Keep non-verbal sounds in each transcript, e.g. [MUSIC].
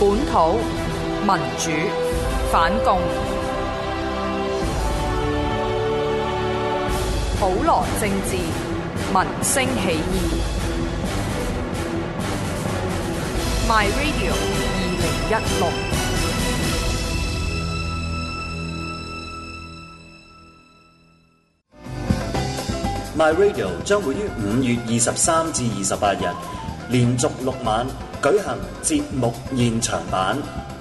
本土民主反共，普羅政治民聲起義。My Radio 二零一六。My Radio 將會於五月二十三至二十八日，連續六晚，舉行節目現場版，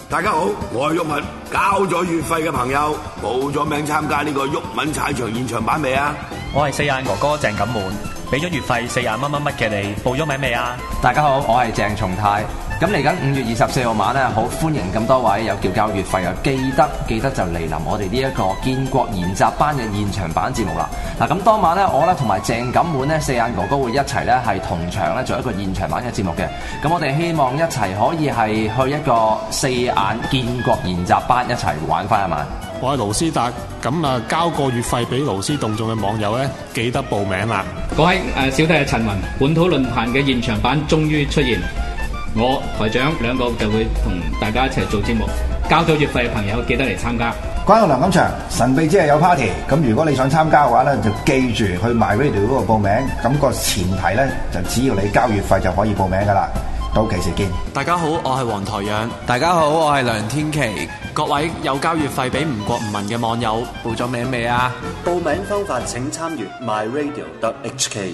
大家好，我係毓民，交咗月費嘅朋友，報咗名參加呢個毓民踩場現場版未啊？我係四眼哥哥鄭錦滿，俾咗月費四廿蚊乜乜嘅你報，報咗名未啊？大家好，我係鄭松泰。咁嚟緊五月二十四號晚咧，好歡迎咁多位有叫交月費呀，記得記得就嚟臨我哋呢一個建國研習班嘅現場版節目啦。嗱咁當晚咧，我咧同埋鄭錦滿咧四眼哥哥會一齊咧係同場咧做一個現場版嘅節目嘅。咁我哋希望一齊可以係去一個四眼建國研習班一齊玩翻一晚。我係盧思達，咁啊交個月費俾盧思動眾嘅網友咧，記得報名啦。各位誒小弟係陳文本土論壇嘅現場版終於出現。我台長兩個就會同大家一齊做節目，交咗月費嘅朋友記得嚟參加。歡迎梁錦祥，神秘之夜有 party，咁如果你想參加嘅話咧，就記住去 My Radio 嗰度報名，咁個前提咧就只要你交月費就可以報名噶啦。到期時見。大家好，我係黃台仰。大家好，我係梁天琦。各位有交月費俾吾國吾民嘅網友，報咗名未啊？報名方法請參閱 My Radio HK。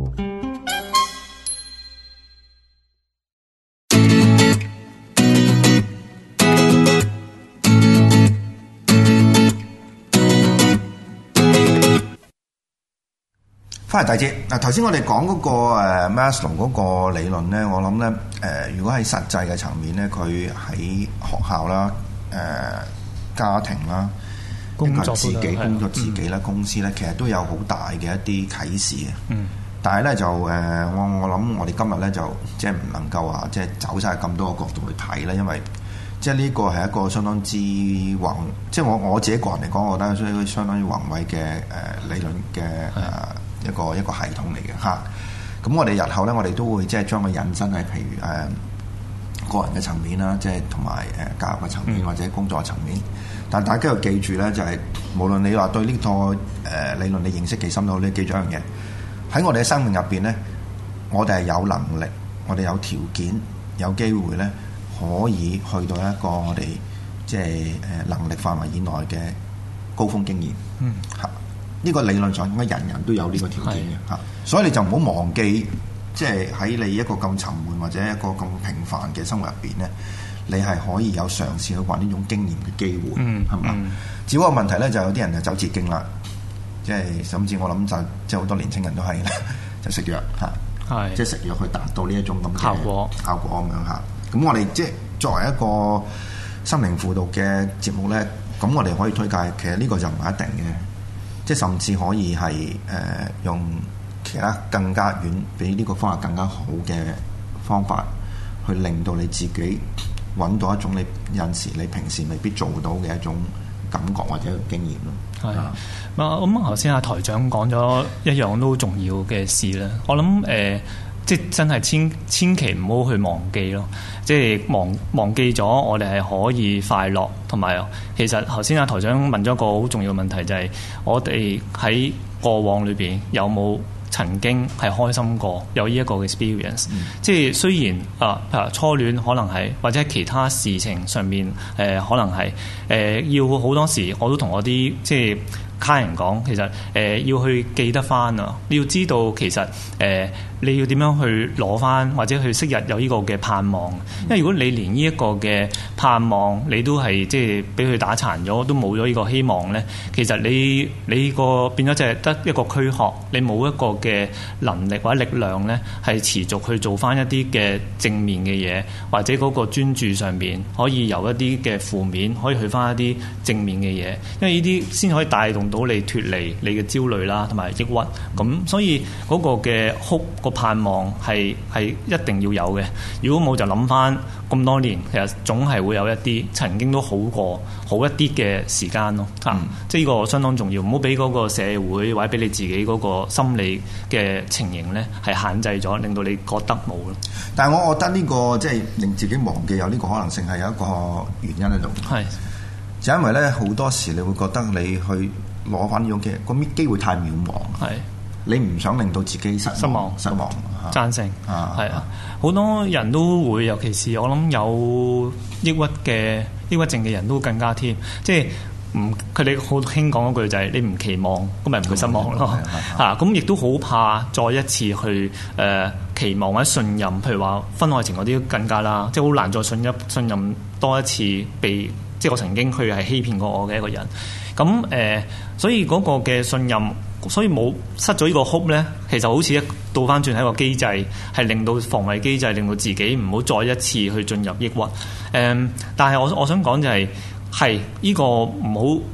翻嚟大姐，嗱、那個，頭先我哋講嗰個誒 Maslow 嗰個理論咧，我諗咧誒，如果喺實際嘅層面咧，佢喺學校啦、誒、呃、家庭啦、工作自己工作自己啦、嗯、公司咧，其實都有好大嘅一啲啟示啊。嗯、但係咧就誒、呃，我我諗我哋今日咧就即係唔能夠話即係走晒咁多個角度去睇啦，因為即係呢、這個係一個相當之宏，即係我我自己個人嚟講，我覺得相相當於宏偉嘅誒理論嘅誒。一個一個系統嚟嘅嚇，咁我哋日後咧，我哋都會即係將佢引申喺譬如誒、呃、個人嘅層面啦，即係同埋誒教育嘅層面或者工作嘅層面。但大家要記住咧，就係、是、無論你話對呢個誒理論嘅認識幾深都好，你記住一樣嘢，喺我哋嘅生命入邊咧，我哋係有能力、我哋有條件、有機會咧，可以去到一個我哋即係誒能力範圍以內嘅高峰經驗。嗯。呢個理論上，應該人人都有呢個條件嘅嚇是、啊？所以你就唔好忘記，即係喺你一個咁沉悶或者一個咁平凡嘅生活入邊咧，你係可以有嘗試去揾呢種經驗嘅機會，係嘛？只不過問題咧，就是、有啲人就走捷徑啦，即係甚至我諗就即係好多年青人都係 [LAUGHS] 就食藥嚇，係、啊、是即係食藥去達到呢一種咁效果效果咁樣嚇。咁、啊、我哋即係作為一個心靈輔導嘅節目咧，咁我哋可以推介，其實呢個就唔係一定嘅。即係甚至可以係誒、呃、用其他更加遠，比呢個方法更加好嘅方法，去令到你自己揾到一種你有時你平時未必做到嘅一種感覺或者經驗咯。係啊，咁頭先阿台長講咗一樣都重要嘅事啦，我諗誒。呃即係真係千千祈唔好去忘記咯，即係忘忘記咗，我哋係可以快樂，同埋其實頭先阿台長問咗一個好重要問題，就係，就係我哋喺過往裏邊有冇曾經係開心過，有呢一個 experience、嗯。即係雖然啊啊譬如初戀可能係，或者其他事情上面誒、呃、可能係誒、呃、要好多時我，我都同我啲即係。他人講，其實誒、呃、要去記得翻啊，要知道其實誒、呃、你要點樣去攞翻，或者去昔日有呢個嘅盼望。因為如果你連呢一個嘅盼望你都係即係俾佢打殘咗，都冇咗呢個希望咧，其實你你個變咗就係得一個軀殼，你冇一個嘅能力或者力量咧，係持續去做翻一啲嘅正面嘅嘢，或者嗰個專注上面可以由一啲嘅負面可以去翻一啲正面嘅嘢，因為呢啲先可以帶動到你脫離你嘅焦慮啦，同埋抑鬱，咁、嗯、所以嗰、那個嘅哭個盼望係係一定要有嘅。如果冇就諗翻咁多年，其實總係會有一啲曾經都好過好一啲嘅時間咯。嚇、嗯，即係呢個相當重要，唔好俾嗰個社會或者俾你自己嗰個心理嘅情形咧，係限制咗，令到你覺得冇咯。但係我覺得呢、這個即係、就是、令自己忘記有呢個可能性係有一個原因喺度，係是就因為咧好多時你會覺得你去。我反呢用嘅個咩機會太渺茫，係是你唔想令到自己失失望失望。失望贊成，係啊，好、啊、多人都會，尤其是我諗有抑鬱嘅抑鬱症嘅人都更加添，即係唔佢哋好輕講一句就係、是、你唔期望，咁咪唔會失望咯，嚇，咁亦都好怕再一次去誒、呃、期望或者信任，譬如話婚外情嗰啲更加啦，即係好難再信一信任多一次被。即係我曾經佢係欺騙過我嘅一個人咁，誒、呃，所以嗰個嘅信任，所以冇失咗呢個 hope 咧，其實好似一倒翻轉係一個機制，係令到防衞機制令到自己唔好再一次去進入抑鬱誒、呃。但係我我想講就係、是。係呢、呢個唔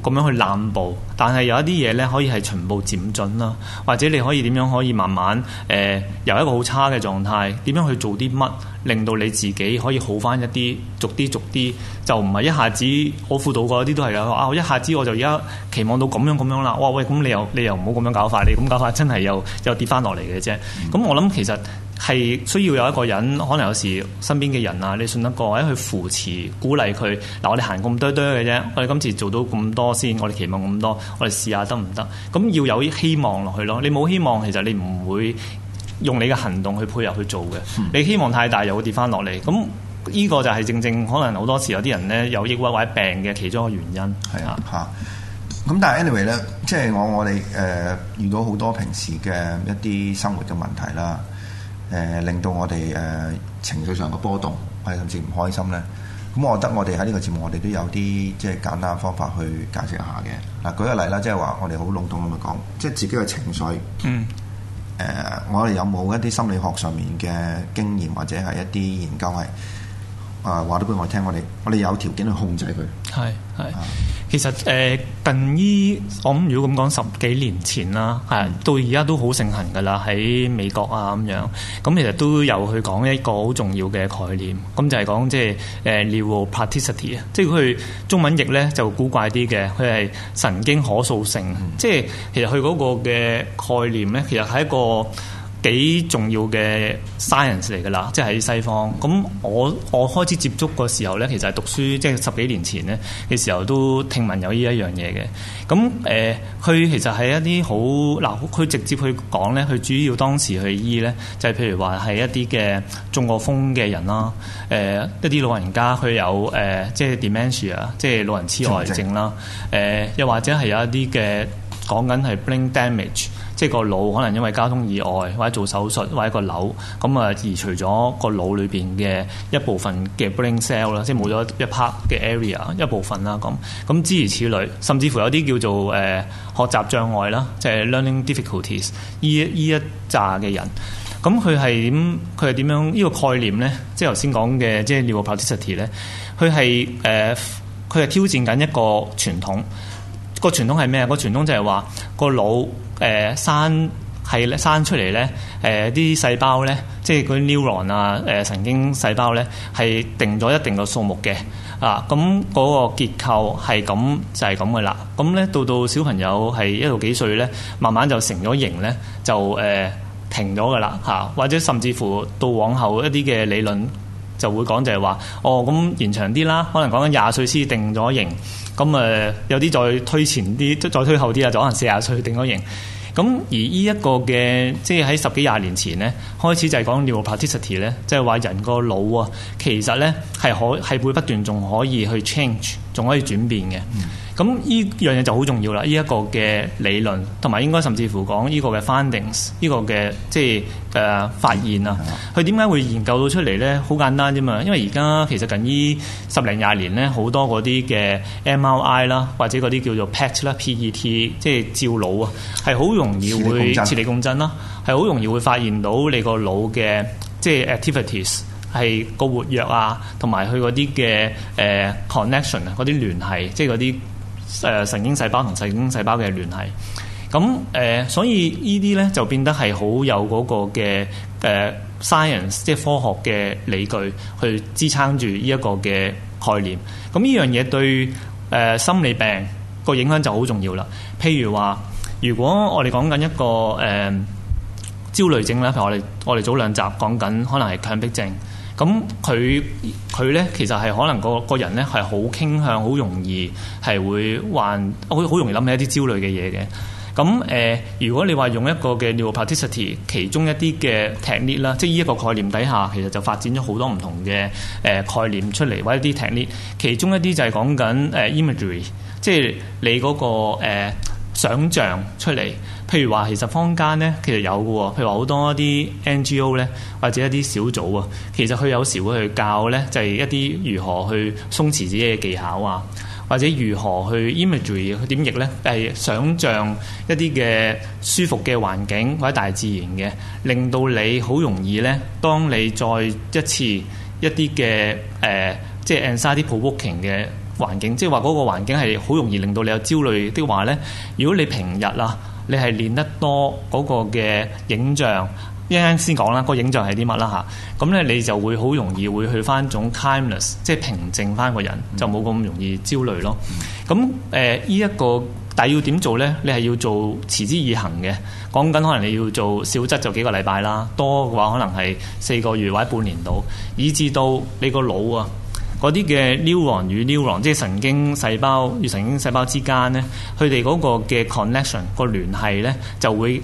好咁樣去攬步，但係有一啲嘢呢可以係循步漸進啦，或者你可以點樣可以慢慢誒、呃、由一個好差嘅狀態，點樣去做啲乜，令到你自己可以好翻一啲，逐啲逐啲就唔係一下子我輔導過嗰一啲都係啊！我一下子我就而家期望到咁樣咁樣啦，哇喂！咁你又你又唔好咁樣搞法，你咁搞法真係又又跌翻落嚟嘅啫。咁、嗯、我諗其實。係需要有一個人，可能有時身邊嘅人啊，你信得過，或者去扶持、鼓勵佢嗱。我哋行咁堆堆嘅啫，我哋今次做到咁多先，我哋期望咁多，我哋試下得唔得？咁要有希望落去咯。你冇希望，其實你唔會用你嘅行動去配合去做嘅。你希望太大，又會跌翻落嚟。咁呢個就係正正可能好多時有啲人咧有抑鬱或者病嘅其中一個原因係啊嚇。咁、啊、但係 anyway 咧，即係我我哋誒遇到好多平時嘅一啲生活嘅問題啦。誒、呃、令到我哋誒、呃、情緒上嘅波動係甚至唔開心咧，咁我覺得我哋喺呢個節目我哋都有啲即係簡單嘅方法去解釋一下嘅嗱、呃，舉個例啦、就是，即係話我哋好籠統咁嚟講，即係自己嘅情緒，誒、嗯呃、我哋有冇一啲心理學上面嘅經驗或者係一啲研究係啊話咗俾我聽，我哋我哋有條件去控制佢係係。其實誒、呃、近醫，我諗如果咁講十幾年前啦，係到而家都好盛行㗎啦，喺美國啊咁樣。咁其實都有去講一個好重要嘅概念，咁就係講即係誒 neuroplasticity 啊，即係佢、呃、中文譯咧就古怪啲嘅，佢係神經可塑性。嗯、即係其實佢嗰個嘅概念咧，其實係一個幾重要嘅 science 嚟㗎啦，即係喺西方。咁我我開始接觸個時候咧，其實係讀書，即係十幾年前咧嘅時候都聽聞有呢一樣嘢嘅。咁誒，佢其實係一啲好嗱，佢直接去講咧，佢主要當時去醫咧，就係譬如話係一啲嘅中過風嘅人啦，誒一啲老人家佢有誒即係 dementia 啊，即係老人痴呆症啦，誒又或者係有一啲嘅講緊係 brain damage。即係個腦可能因為交通意外或者做手術或者個瘤，咁啊移除咗個腦裏邊嘅一部分嘅 brain cell 啦，即係冇咗一 part 嘅 area，一部分啦咁。咁諸如此類，甚至乎有啲叫做誒、呃、學習障礙啦，即係 learning difficulties 呢呢一揸嘅人，咁佢係點？佢係點樣？呢、呢個概念咧，即係頭先講嘅，即係 neuroplasticity 咧，佢係誒佢係挑戰緊一個傳統。個傳統係咩啊？個傳統就係話個腦。誒、呃、生係生出嚟咧，誒、呃、啲細胞咧，即係嗰啲 neuron 啊，誒、呃、神經細胞咧，係定咗一定個數目嘅，啊，咁嗰個結構係咁就係咁嘅啦。咁、啊、咧到到小朋友係一到幾歲咧，慢慢就成咗形咧，就誒、呃、停咗嘅啦，嚇、啊，或者甚至乎到往後一啲嘅理論。就會講就係話，哦，咁延長啲啦，可能講緊廿歲先定咗型，咁誒、呃、有啲再推前啲，再推後啲啊，就可能四廿歲定咗型。咁而呢一個嘅，即係喺十幾廿年前咧，開始就係講 neuroplasticity 咧，即係話人個腦啊，其實咧係可係會不斷仲可以去 change，仲可以轉變嘅。嗯。咁呢樣嘢就好重要啦！呢一個嘅理論同埋，應該甚至乎講呢個嘅 findings，呢個嘅即係誒、呃、發現啊。佢點解會研究到出嚟咧？好簡單啫嘛，因為而家其實近呢十零廿年咧，好多嗰啲嘅 M R I 啦，或者嗰啲叫做 PET 啦、P E T，即係照腦啊，係好容易會磁力共振啦，係好容易會發現到你個腦嘅即係 activities 係個活躍啊，同埋佢嗰啲嘅誒 connection 啊，嗰、呃、啲聯繫，即係嗰啲。誒神經細胞同神經細胞細胞嘅聯繫，咁誒、呃、所以呢啲咧就變得係好有嗰個嘅誒、呃、science，即係科學嘅理據去支撐住呢一個嘅概念。咁呢樣嘢對誒、呃、心理病個影響就好重要啦。譬如話，如果我哋講緊一個誒、呃、焦慮症咧，譬如我哋我哋早兩集講緊可能係強迫症。咁佢佢咧其實係可能個個人咧係好傾向，好容易係會患，好好容易諗起一啲焦慮嘅嘢嘅。咁誒、呃，如果你話用一個嘅 neuroplasticity，其中一啲嘅 technique 啦，即係呢一個概念底下，其實就發展咗好多唔同嘅誒、呃、概念出嚟，或者啲 technique 其中一啲就係講緊誒 imagery，即係你嗰、那個、呃想像出嚟，譬如話，其實坊間呢，其實有嘅喎、哦，譬如話好多啲 NGO 呢，或者一啲小組啊，其實佢有時會去教呢，就係、是、一啲如何去鬆弛自己嘅技巧啊，或者如何去 imagery 去點譯呢。係想像一啲嘅舒服嘅環境或者大自然嘅，令到你好容易呢，當你再一次一啲嘅誒，即係 anxiety provoking 嘅。環境即係話嗰個環境係好容易令到你有焦慮的話呢，如果你平日啊，你係練得多嗰個嘅影像，一陣先講啦，個影像係啲乜啦吓，咁呢，你就會好容易會去翻一種 calmness，即係平靜翻個人，就冇咁容易焦慮咯。咁誒呢一個，但係要點做呢？你係要做持之以恒嘅，講緊可能你要做少則就幾個禮拜啦，多嘅話可能係四個月或者半年度，以至到你個腦啊。嗰啲嘅 neuron 與 neuron，即係神經細胞與神經細胞之間咧，佢哋嗰個嘅 connection 個聯繫咧，就會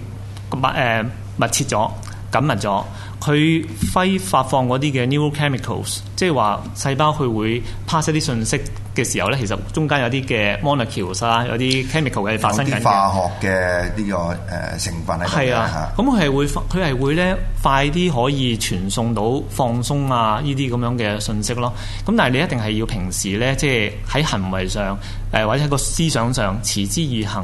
密誒密切咗緊密咗。佢揮發放嗰啲嘅 neurochemicals，即係話細胞佢會 pass 啲信息嘅時候咧，其實中間有啲嘅 molecule 啦，有啲 chemical 嘅發生化學嘅呢個誒成分喺度。咁佢係會佢係會咧快啲可以傳送到放鬆啊呢啲咁樣嘅信息咯。咁但係你一定係要平時咧，即係喺行為上誒或者喺個思想上持之以恒。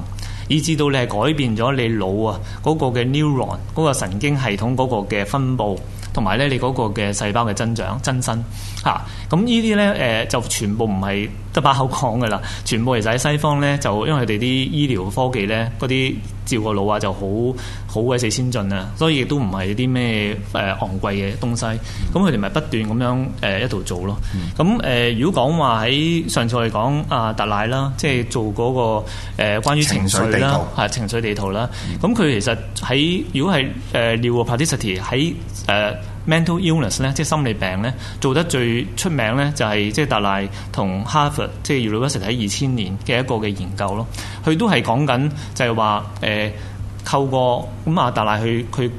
以至到你係改變咗你腦啊嗰個嘅 neuron 嗰個神經系統嗰個嘅分佈，同埋咧你嗰個嘅細胞嘅增長、增生。嚇！咁、啊、呢啲咧誒就全部唔係得把口講嘅啦，全部其實就喺西方咧，就因為佢哋啲醫療科技咧，嗰啲照個腦啊就好好鬼死先進啊，所以亦都唔係啲咩誒昂貴嘅東西。咁佢哋咪不斷咁樣誒、呃、一度做咯。咁、呃、誒如果講話喺上次我哋講阿達賴啦，即係做嗰、那個誒、呃、關於情緒啦，係情緒地圖啦。咁佢其實喺如果係誒 neuroplasticity 喺誒。呃 Mental illness 咧，即係心理病咧，做得最出名咧，就是，就係即係達賴同哈佛即係係約魯巴實喺二千年嘅一個嘅研究咯。佢都係講緊，就係話誒，透過咁啊達賴佢佢。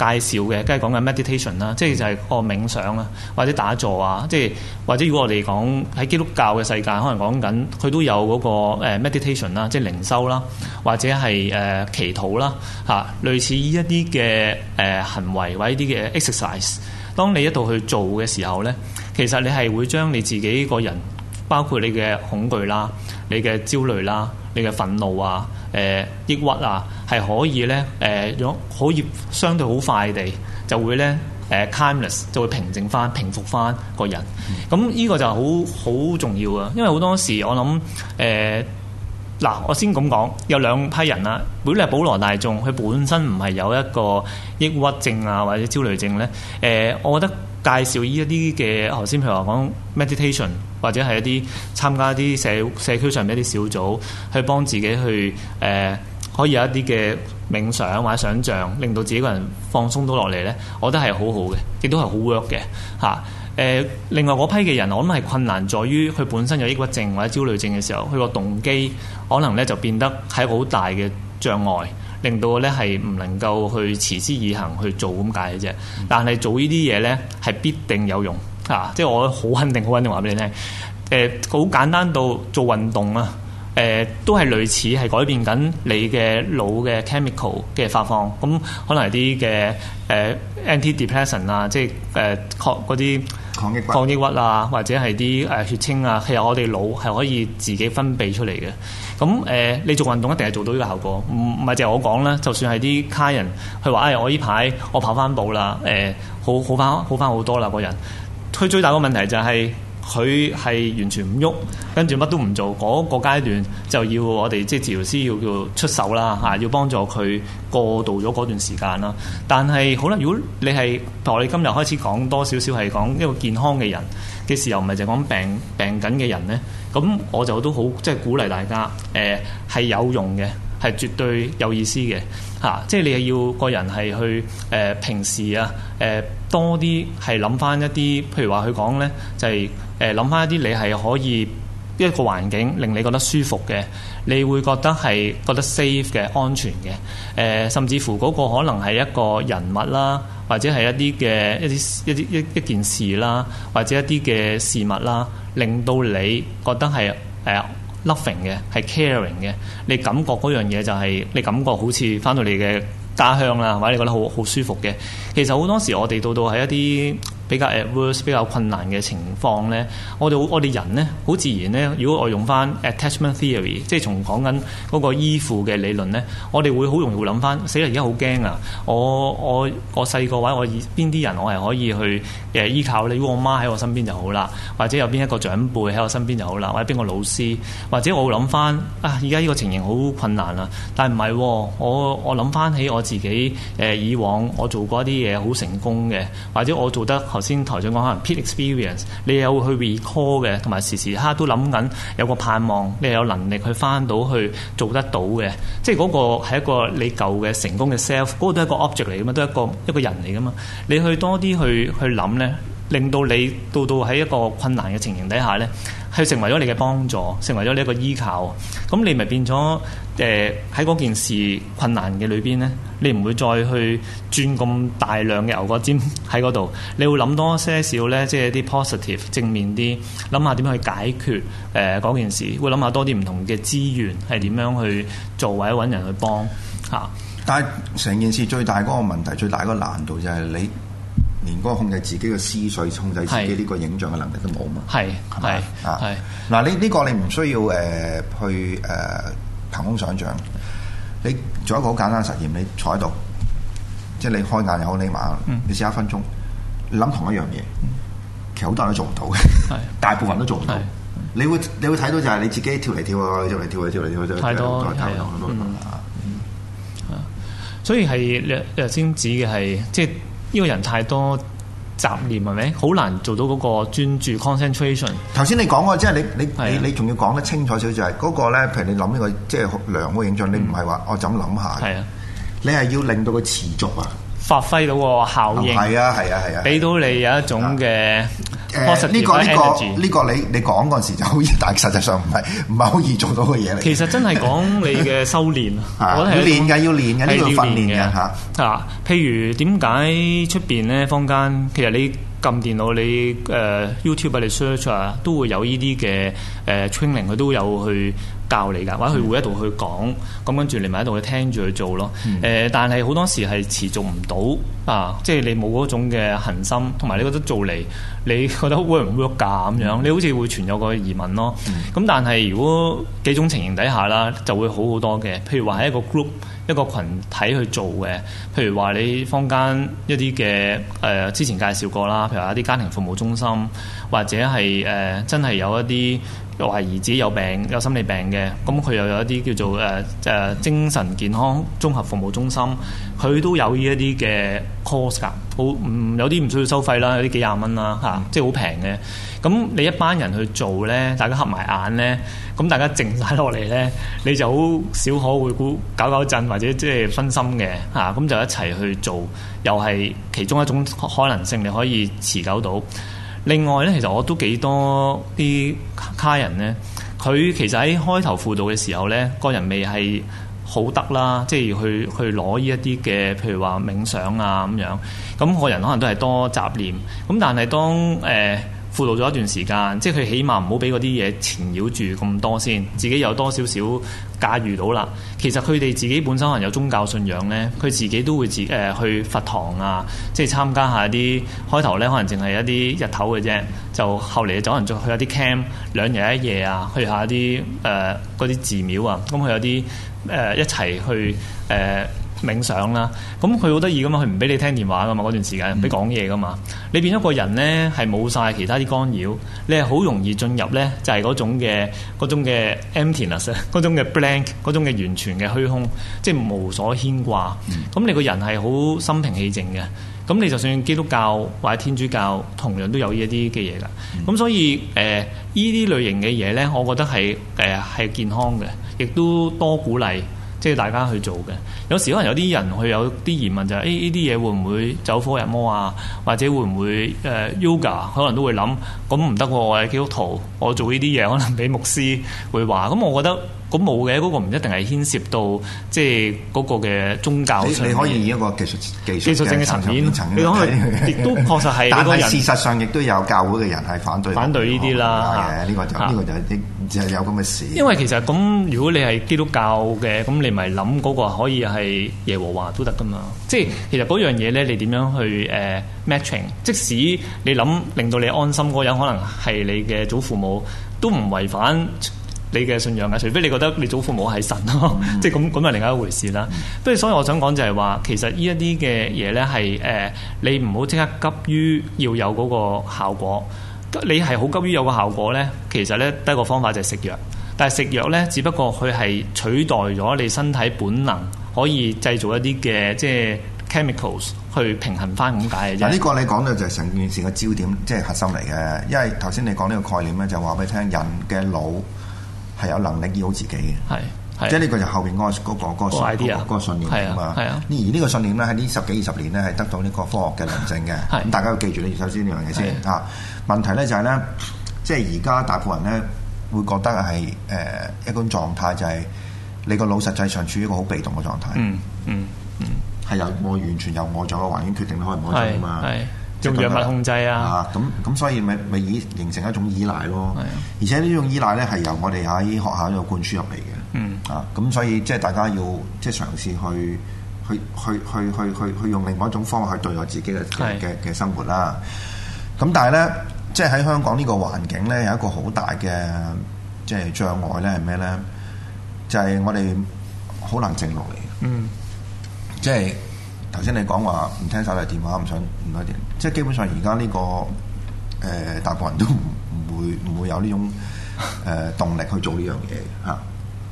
介紹嘅，梗係講緊 meditation 啦，即係就係嗰個冥想啊，或者打坐啊，即係或者如果我哋講喺基督教嘅世界，可能講緊佢都有嗰個 meditation 啦，即係靈修啦，或者係誒、呃、祈禱啦，嚇、啊、類似依一啲嘅誒行為或者啲嘅 exercise。當你一度去做嘅時候呢，其實你係會將你自己個人，包括你嘅恐懼啦、你嘅焦慮啦、你嘅憤怒啊。誒、呃、抑鬱啊，係可以咧誒，有、呃、可以相對好快地就會咧誒 calmness、呃、就會平靜翻、平復翻個人。咁呢個就好好重要啊，因為好多時我諗誒嗱，我先咁講，有兩批人啦，本來係，普羅大眾佢本身唔係有一個抑鬱症啊或者焦慮症咧。誒、呃，我覺得介紹呢一啲嘅，頭先譬如話講 meditation。或者係一啲參加一啲社社區上面、一啲小組，去幫自己去誒、呃，可以有一啲嘅冥想或者想像，令到自己個人放鬆到落嚟呢我覺得係好好嘅，亦都係好 work 嘅嚇。誒、啊呃，另外嗰批嘅人，我諗係困難在於佢本身有抑鬱症或者焦慮症嘅時候，佢個動機可能呢就變得係好大嘅障礙，令到呢咧係唔能夠去持之以恆去做咁解嘅啫。但係做呢啲嘢呢係必定有用。啊！即係我好肯定、好肯定話俾你聽，誒、呃、好簡單到做運動啊，誒、呃、都係類似係改變緊你嘅腦嘅 chemical 嘅發放，咁、嗯、可能係啲嘅誒、呃、anti-depression 啊，即係誒、呃、抗嗰啲抗抑激抗抑鬱啊，或者係啲誒血清啊，其實我哋腦係可以自己分泌出嚟嘅。咁、嗯、誒、呃、你做運動一定係做到呢個效果，唔唔係淨係我講啦。就算係啲卡人，佢話誒我呢排我跑翻步啦，誒、呃、好好翻好翻好多啦，個人。佢最大個問題就係佢係完全唔喐，跟住乜都唔做。嗰，那個階段就要我哋即係治療師要要出手啦，嚇要幫助佢過渡咗嗰段時間啦。但係好啦，如果你係同我哋今日開始講多少少係講一個健康嘅人嘅時候，唔係淨係講病病緊嘅人咧。咁我就都好即係鼓勵大家，誒、呃、係有用嘅，係絕對有意思嘅，嚇、啊！即係你係要個人係去誒、呃、平時啊，誒、呃。多啲係諗翻一啲，譬如話佢講呢，就係誒諗翻一啲，你係可以一個環境令你覺得舒服嘅，你會覺得係覺得 safe 嘅、安全嘅、呃，甚至乎嗰個可能係一個人物啦，或者係一啲嘅一啲一啲一一件事啦，或者一啲嘅事物啦，令到你覺得係誒、uh, loving 嘅，係 caring 嘅，你感覺嗰樣嘢就係、是、你感覺好似翻到你嘅家鄉啦，或者你覺得好好舒服嘅，其實好多時我哋到到係一啲。比較 adverse 比較困難嘅情況呢，我哋我哋人呢，好自然呢。如果我用翻 attachment theory，即係從講緊嗰個依附嘅理論呢，我哋會好容易會諗翻，死啦而家好驚啊！我我我細個話我邊啲人我係可以去誒、呃、依靠你，如果我媽喺我身邊就好啦，或者有邊一個長輩喺我身邊就好啦，或者邊個老師，或者我會諗翻啊，而家呢個情形好困難啦，但係唔係喎，我我諗翻起我自己誒、呃、以往我做過一啲嘢好成功嘅，或者我做得。頭先台長講可能 peak experience，你有去 recall 嘅，同埋時時刻都諗緊有個盼望，你有能力去翻到去做得到嘅，即係嗰個係一個你舊嘅成功嘅 self，嗰個都係一個 object 嚟噶嘛，都係一個一個人嚟噶嘛，你去多啲去去諗咧，令到你到到喺一個困難嘅情形底下咧。係成為咗你嘅幫助，成為咗你一個依靠，咁你咪變咗誒喺嗰件事困難嘅裏邊呢你唔會再去轉咁大量嘅牛角尖喺嗰度，你會諗多些少呢，即係啲 positive 正面啲，諗下點去解決誒嗰、呃、件事，會諗下多啲唔同嘅資源係點樣去做或者揾人去幫吓。但係成件事最大嗰個問題、最大嗰個難度就係你。連嗰個控制自己嘅思緒、控制自己呢個影像嘅能力都冇嘛？係係咪？啊！嗱，呢呢個你唔需要誒去誒憑空想像。你做一個好簡單嘅實驗，你坐喺度，即係你開眼又好，你埋眼又好，你試一分鐘，你諗同一樣嘢，其實好多人都做唔到嘅，大部分都做唔到。你會你會睇到就係你自己跳嚟跳去，跳嚟跳去，跳嚟跳去，就睇到。所以係你頭先指嘅係即係。呢個人太多雜念係咪？好難做到嗰個專注 concentration。頭先你講過即係你你、啊、你仲要講得清楚少少，係、就、嗰、是那個咧，譬如你諗呢個即係、就是、良好嘅影像，你唔係話我就咁諗下？係啊，你係要令到佢持續啊，發揮到個效應。係啊係啊係啊，俾到你有一種嘅、啊。確實，呢個呢個呢個，你你講嗰陣時就好易，但係實際上唔係唔係好易做到嘅嘢嚟。其實真係講你嘅修練啊，練嘅 [LAUGHS] 要練喺呢度訓練嘅嚇。啊，譬如點解出邊咧坊間，其實你撳電腦你誒、呃、YouTube 你 search 啊，都會有呢啲嘅誒 training，佢都有去。教你㗎，或者佢會一度去講，咁跟住你咪一度去聽住去做咯。誒、嗯呃，但係好多時係持續唔到啊，即係你冇嗰種嘅恒心，同埋你覺得做嚟，你覺得 work 唔 work 㗎咁樣，嗯、你好似會存有個疑問咯。咁、嗯、但係如果幾種情形底下啦，就會好好多嘅。譬如話喺一個 group 一個群體去做嘅，譬如話你坊間一啲嘅誒之前介紹過啦，譬如話一啲家庭服務中心，或者係誒、呃、真係有一啲。又係兒子有病有心理病嘅，咁佢又有一啲叫做誒誒、呃呃、精神健康綜合服務中心，佢都有呢一啲嘅 course 㗎，好嗯有啲唔需要收費啦，有啲幾廿蚊啦嚇，嗯、即係好平嘅。咁你一班人去做咧，大家合埋眼咧，咁大家靜晒落嚟咧，你就好少可會估搞搞震或者即係分心嘅嚇，咁、啊、就一齊去做，又係其中一種可能性，你可以持久到。另外咧，其實我都幾多啲客人咧，佢其實喺開頭輔導嘅時候咧，個人未係好得啦，即係去去攞呢一啲嘅，譬如話冥想啊咁樣。咁個人可能都係多雜念咁，但係當誒。呃輔導咗一段時間，即係佢起碼唔好俾嗰啲嘢纏繞住咁多先，自己有多少少駕馭到啦。其實佢哋自己本身可能有宗教信仰呢，佢自己都會自誒、呃、去佛堂啊，即係參加一下啲開頭呢，可能淨係一啲日頭嘅啫，就後嚟就可能再去一啲 camp 兩日一夜啊，去一下啲誒嗰啲寺廟啊，咁佢有啲誒一齊、呃、去誒。呃冥想啦，咁佢好得意噶嘛，佢唔俾你聽電話噶嘛，嗰段時間唔俾講嘢噶嘛，嗯、你變咗個人咧係冇晒其他啲干擾，你係好容易進入咧就係嗰種嘅嗰種嘅 emptiness，嗰種嘅 blank，嗰種嘅完全嘅虛空，即係無所牽掛。咁、嗯、你個人係好心平氣靜嘅，咁你就算基督教或者天主教同樣都有依一啲嘅嘢噶。咁、嗯、所以誒依啲類型嘅嘢咧，我覺得係誒係健康嘅，亦都多鼓勵。即係大家去做嘅，有時可能有啲人佢有啲疑問就係、是，誒呢啲嘢會唔會走火入魔啊？或者會唔會誒、呃、yoga 可能都會諗，咁唔得喎！我係基督徒，我做呢啲嘢可能俾牧師會話。咁、嗯、我覺得。咁冇嘅，嗰、嗰個唔一定係牽涉到即係嗰個嘅宗教。所以你，你可以以一個技術技術，技術性嘅層面，層面層面你講佢亦都確實係。 [LAUGHS] 但係事實上亦都有教會嘅人係反對。反對呢啲啦，呢、啊、個就呢、呢個就係啲、啊、就係有咁嘅事。因為其實咁，如果你係基督教嘅，咁你咪諗嗰個可以係耶和華都得㗎嘛？即係其實嗰樣嘢咧，你點樣去誒、uh, matching？即使你諗令到你安心嗰人，可能係你嘅祖父母，都唔違反。你嘅信仰啊，除非你覺得你祖父母係神咯，即係咁咁又另一回事啦。不如、嗯、所以我想講就係話，其實呢一啲嘅嘢咧係誒，你唔好即刻急於要有嗰個效果。你係好急於有個效果咧，其實咧得個方法就係食藥。但係食藥咧，只不過佢係取代咗你身體本能可以製造一啲嘅即係 chemicals 去平衡翻咁解嘅啫。呢個你講就係成件事嘅焦點，即係核心嚟嘅。因為頭先你講呢個概念咧，就話俾你聽人嘅腦。係有能力醫好自己嘅，係即係呢個就後邊嗰個嗰個信嗰個信念啊嘛。而呢個,個信念咧喺呢十幾二十年咧係得到呢個科學嘅驗證嘅，咁是的 大家要記住你首先呢樣嘢先嚇。問題咧就係、是、咧，即係而家大部分人咧會覺得係誒、呃、一種狀態，就係你個腦實際上處於一個好被動嘅狀態，嗯嗯嗯，係由我完全由外在嘅環境決定你可唔可以做啊嘛。是的 用藥物控制啊，咁咁、嗯、所以咪咪就形成一種依賴咯，而且呢種依賴呢，係由我哋喺學校度灌輸入嚟嘅，啊，咁所以即係大家要即係嘗試去去去去去去用另外一種方法去對我自己嘅嘅嘅生活啦。咁是的 但係呢，即係喺香港呢個環境呢，有一個好大嘅即係障礙呢，係咩呢？就係、是、我哋好難靜落嚟嘅，即係。頭先你講話唔聽手提電話，唔想唔多掂，即係基本上而家呢個誒、呃、大部分人都唔唔會唔會有呢種誒、呃、動力去做呢樣嘢嚇，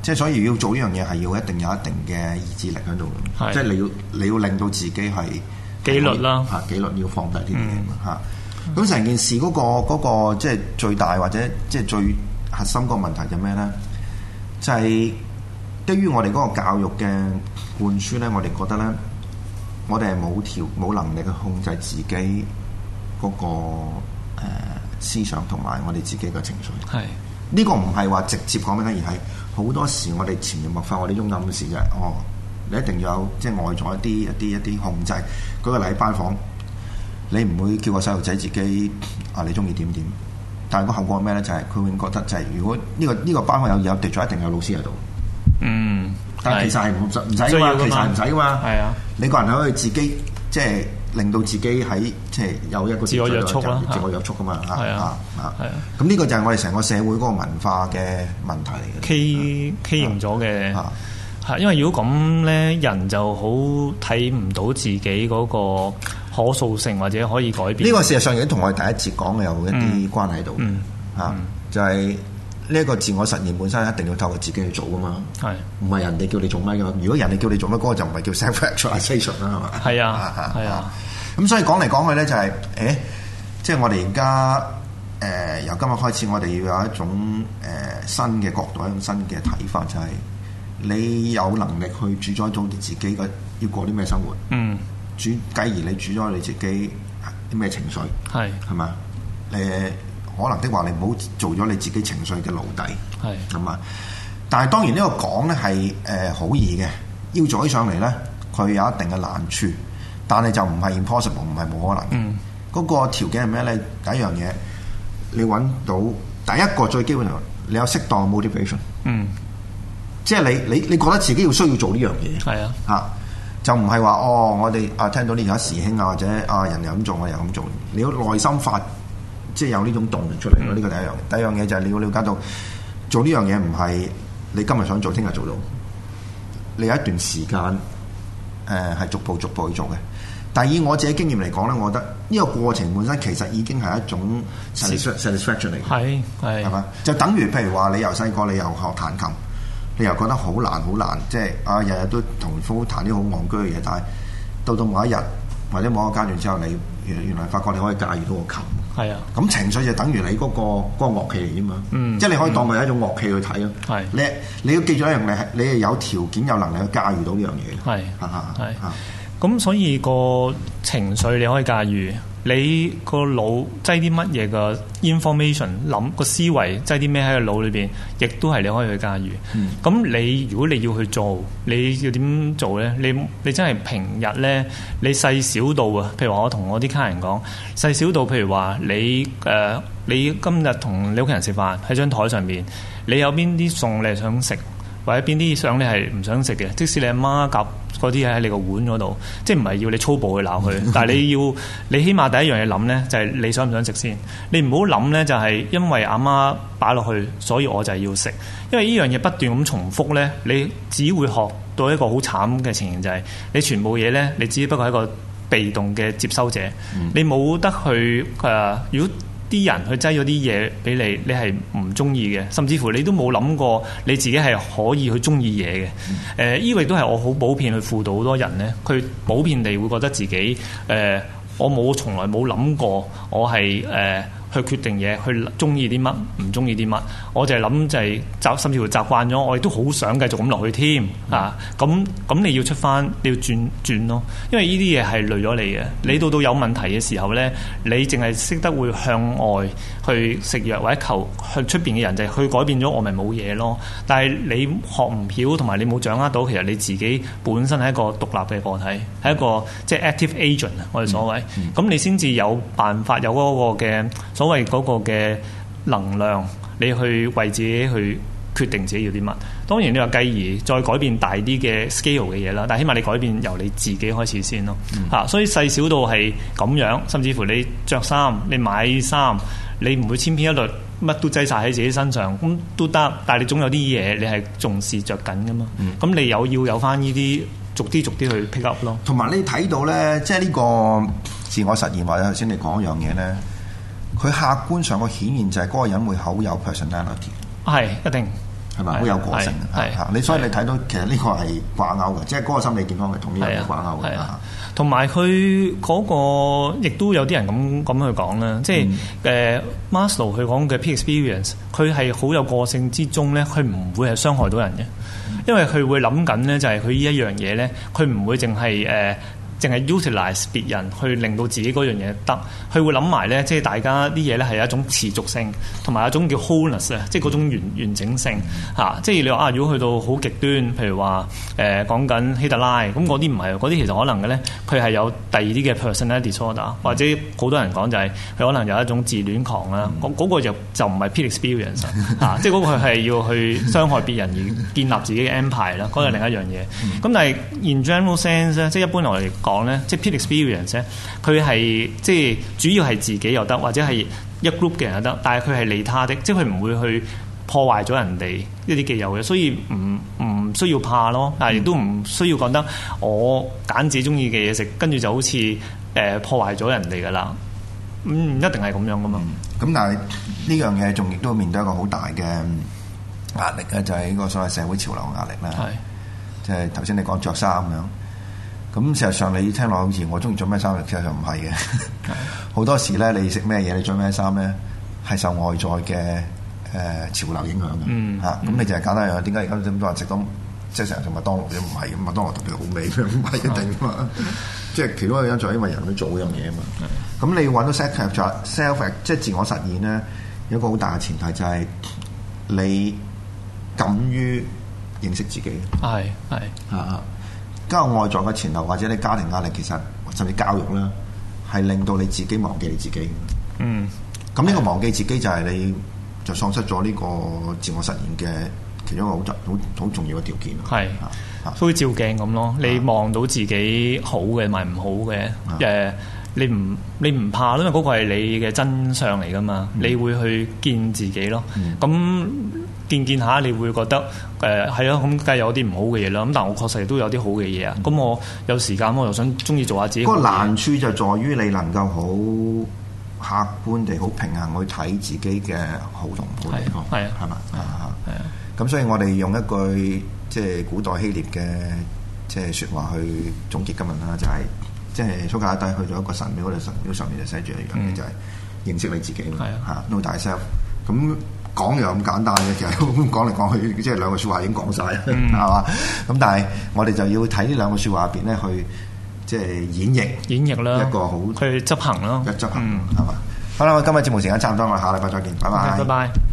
即係所以要做呢樣嘢係要一定有一定嘅意志力喺度，是即係你要你要令到自己係紀律啦嚇、啊，紀律要放低啲嘢嚇。咁成、嗯啊、件事嗰、那個即係、那個那個、最大或者即係最核心個問題就咩咧？就係、是、對於我哋嗰個教育嘅灌輸咧，我哋覺得咧。我哋係冇調冇能力去控制自己嗰、那個、呃、思想同埋我哋自己嘅情緒。係呢是個唔係話直接講俾你，而係好多時我哋潛移默化，我哋容忍嘅事嘅、就是。哦，你一定要有即係、就是、外在一啲一啲一啲控制。舉、那個例，班房你唔會叫個細路仔自己啊，你中意點點，但係個後果係咩咧？就係、是、佢會覺得就係如果呢、這個呢、這個班房有有跌咗，一定有老師喺度。嗯。但其實係唔使，唔使其實唔使噶嘛。係啊，你個人可以自己，即係令到自己喺即係有一個自我約束啦，自我約束噶嘛。係啊，係啊。咁呢個就係我哋成個社會嗰個文化嘅問題嚟嘅。畸形咗嘅，係因為如果咁咧，人就好睇唔到自己嗰個可塑性或者可以改變。呢個事實上已經同我哋第一節講嘅有一啲關係度。嗯，就係。呢一個自我實驗本身一定要透過自己去做噶嘛，係唔係人哋叫你做咩噶嘛。如果人哋叫你做咩，嗰、那個就唔係叫 self actualisation 啦，係嘛 [LAUGHS] 吧？係啊，係啊。咁、啊啊啊、所以講嚟講去咧、就是哎，就係、是，誒，即係我哋而家，誒，由今日開始，我哋要有一種誒、呃、新嘅角度，一種新嘅睇法，就係你有能力去主宰到你自己嘅要過啲咩生活，嗯，主，繼而你主宰你自己啲咩情緒，係係嘛？誒。可能的話，你唔好做咗你自己情緒嘅奴隸。係咁啊！但係當然呢個講咧係誒好易嘅，要做起上嚟咧，佢有一定嘅難處，但係就唔係 impossible，唔係冇可能嘅。嗰、嗯、個條件係咩咧？第一樣嘢，你揾到第一個最基本，你有適當嘅 motivation。嗯，即係你你你覺得自己要需要做呢樣嘢。係、嗯、啊，嚇就唔係話哦，我哋啊聽到你而家時興啊或者啊人哋咁做我又咁做，你要耐心發。即係有呢種動力出嚟咯。呢個、嗯、第一樣，第一樣嘢就係你要了解到做呢樣嘢唔係你今日想做，聽日做到。你有一段時間誒係、呃、逐步逐步去做嘅。但係以我自己經驗嚟講咧，我覺得呢個過程本身其實已經係一種 is, 是 satisfaction 嚟嘅，係係係嘛？就等於譬如話你由細個你又學彈琴，琴，你又覺得好難好難，即係、就是、啊日日都同副彈啲好戇居嘅嘢。但係到到某一日或者某一個階段之後，你原來發覺你可以駕馭到個琴。係啊，咁情緒就等於你嗰個嗰個樂器嚟㗎嘛，嗯、即係你可以當佢係一種樂器去睇咯。係、嗯，你你要記住一樣嘢係，你係有條件有能力去駕馭到呢樣嘢。係，係，咁所以個情緒你可以駕馭。你個腦擠啲乜嘢嘅 information，諗個思維擠啲咩喺個腦裏邊，亦都係你可以去駕馭。咁、嗯、你如果你要去做，你要點做呢？你你真係平日呢，你細小，小到啊，譬如話我同我啲客人講，細小，小到譬如話你誒、呃，你今日同你屋企人食飯喺張台上面，你有邊啲餸你想食？或者邊啲相你係唔想食嘅？即使你阿媽夾嗰啲嘢喺你個碗嗰度，即係唔係要你粗暴去鬧佢？ [LAUGHS] 但係你要你起碼第一樣嘢諗呢，就係、是、你想唔想食先？你唔好諗呢，就係因為阿媽擺落去，所以我就係要食。因為呢樣嘢不斷咁重複呢，你只會學到一個好慘嘅情形，就係、是、你全部嘢呢，你只不過係一個被動嘅接收者，嗯、你冇得去誒要。啲人去擠咗啲嘢俾你，你係唔中意嘅，甚至乎你都冇諗過你自己係可以去中意嘢嘅。誒、呃，依、這個亦都係我好普遍去輔導好多人咧，佢普遍地會覺得自己誒、呃，我冇從來冇諗過我係誒。呃去決定嘢，去中意啲乜，唔中意啲乜，我就係諗就係習，甚至乎習慣咗。我亦都好想繼續咁落去添啊。咁咁你要出翻，你要轉轉咯，因為呢啲嘢係累咗你嘅。你到到有問題嘅時候呢，你淨係識得會向外。去食藥或者求去出邊嘅人，就係、是、去改變咗我，咪冇嘢咯。但係你學唔曉，同埋你冇掌握到，其實你自己本身係一個獨立嘅個體，係一個即係、就是、active agent。我哋所謂咁，嗯嗯、你先至有辦法有嗰個嘅所謂嗰個嘅能量，你去為自己去決定自己要啲乜。當然你話繼而再改變大啲嘅 scale 嘅嘢啦，但係起碼你改變由你自己開始先咯嚇。嗯、所以細小到係咁樣，甚至乎你着衫，你買衫。你唔會千篇一律，乜都擠晒喺自己身上，咁都得。但係你總有啲嘢，你係重視着緊噶嘛？咁、嗯、你又要有翻呢啲，逐啲逐啲去 pick up 咯。同埋你睇到咧，即係呢、呢個自我實現或者頭先你講一樣嘢咧，佢客觀上嘅顯現就係嗰個人會好有 personality，係一定。係咪好有個性？係嚇！你所以你睇到其實呢個係掛鈎嘅，即係嗰個心理健康係同呢樣嘢掛鈎嘅嚇。同埋佢嗰個亦都有啲人咁咁去講啦，即係誒 Maslow 佢講嘅 peak experience，佢係好有個性之中咧，佢唔會係傷害到人嘅，因為佢會諗緊咧，就係佢呢一樣嘢咧，佢唔會淨係誒。呃淨係 utilise 別人去令到自己嗰樣嘢得，佢會諗埋咧，即係大家啲嘢咧係一種持續性，同埋一種叫 wholeness 啊，即係嗰種完完整性嚇。即係你話啊，如果去到好極端，譬如話誒講緊希特拉咁嗰啲唔係，嗰啲其實可能嘅咧，佢係有第二啲嘅 personality disorder，或者好多人講就係、是、佢可能有一種自戀狂啦。嗰、那、嗰個就就唔係 peer experience、啊、 [LAUGHS] 即係嗰個係要去傷害別人而建立自己嘅 entitlement 啦，嗰係另一樣嘢。咁 [LAUGHS] 但係 in general sense 咧，即係一般來嚟講講咧，即係 peak experience 啫。佢係即係主要係自己又得，或者係一 group 嘅人又得。但係佢係利他的，即係佢唔會去破壞咗人哋一啲既有嘅，所以唔唔需要怕咯。但係亦都唔需要覺得我揀自己中意嘅嘢食，跟住就好似誒、呃、破壞咗人哋噶啦。唔、嗯、一定係咁樣噶嘛。咁、嗯、但係呢樣嘢仲亦都面對一個好大嘅壓力咧，就係、是、呢個所謂社會潮流嘅壓力啦。係即係頭先你講着衫咁樣。咁事實上你聽落好似我中意着咩衫，其實就唔係嘅。好多時咧，你食咩嘢，你着咩衫咧，係受外在嘅誒潮流影響嘅。嚇，咁你就係簡單樣。點解而家咁多人食到即係成日食麥當勞嘅？唔係嘅，麥當勞特別好味，唔係一定啊嘛。即係其中一樣就係因為人都做嗰樣嘢啊嘛。咁你要揾到 self actualization，self 即係自我實現咧，有一個好大嘅前提就係你敢於認識自己。係係啊。家外在嘅前流，或者你家庭壓力，其實甚至教育啦，係令到你自己忘記你自己。嗯。咁呢個忘記自己，就係你就喪失咗呢個自我實現嘅其中一個好好重要嘅條件。係是。好似，啊、照鏡咁咯，啊、你望到自己好嘅同埋唔好嘅。誒、啊，你唔你唔怕，因為嗰個係你嘅真相嚟㗎嘛，你會去見自己咯。咁、嗯。見見下，你會覺得誒係啊，咁梗係有啲唔好嘅嘢啦。咁但係我確實亦都有啲好嘅嘢啊。咁、嗯、我有時間我又想中意做下自己。個難處就在於你能夠好客觀地、好平衡去睇自己嘅好同唔好地方。係係啊，係嘛啊係啊。咁、啊啊、所以我哋用一句即係古代希臘嘅即係説話去總結今日啦，就係、是、即係蘇格拉底去咗一個神廟嗰度，神廟上面就寫住一樣嘢，嗯、就係認識你自己啦。啊，Know thyself 咁講又咁簡單嘅，其實講嚟講去，即係兩個説話已經講晒，啦、嗯， [LAUGHS] 係嘛？咁但係我哋就要睇呢兩個説話入邊咧，去即係演繹、演繹啦，一個好去執行咯，一執行，係嘛？好啦，我今日節目時間差唔多，我哋下禮拜再見，拜拜，拜拜。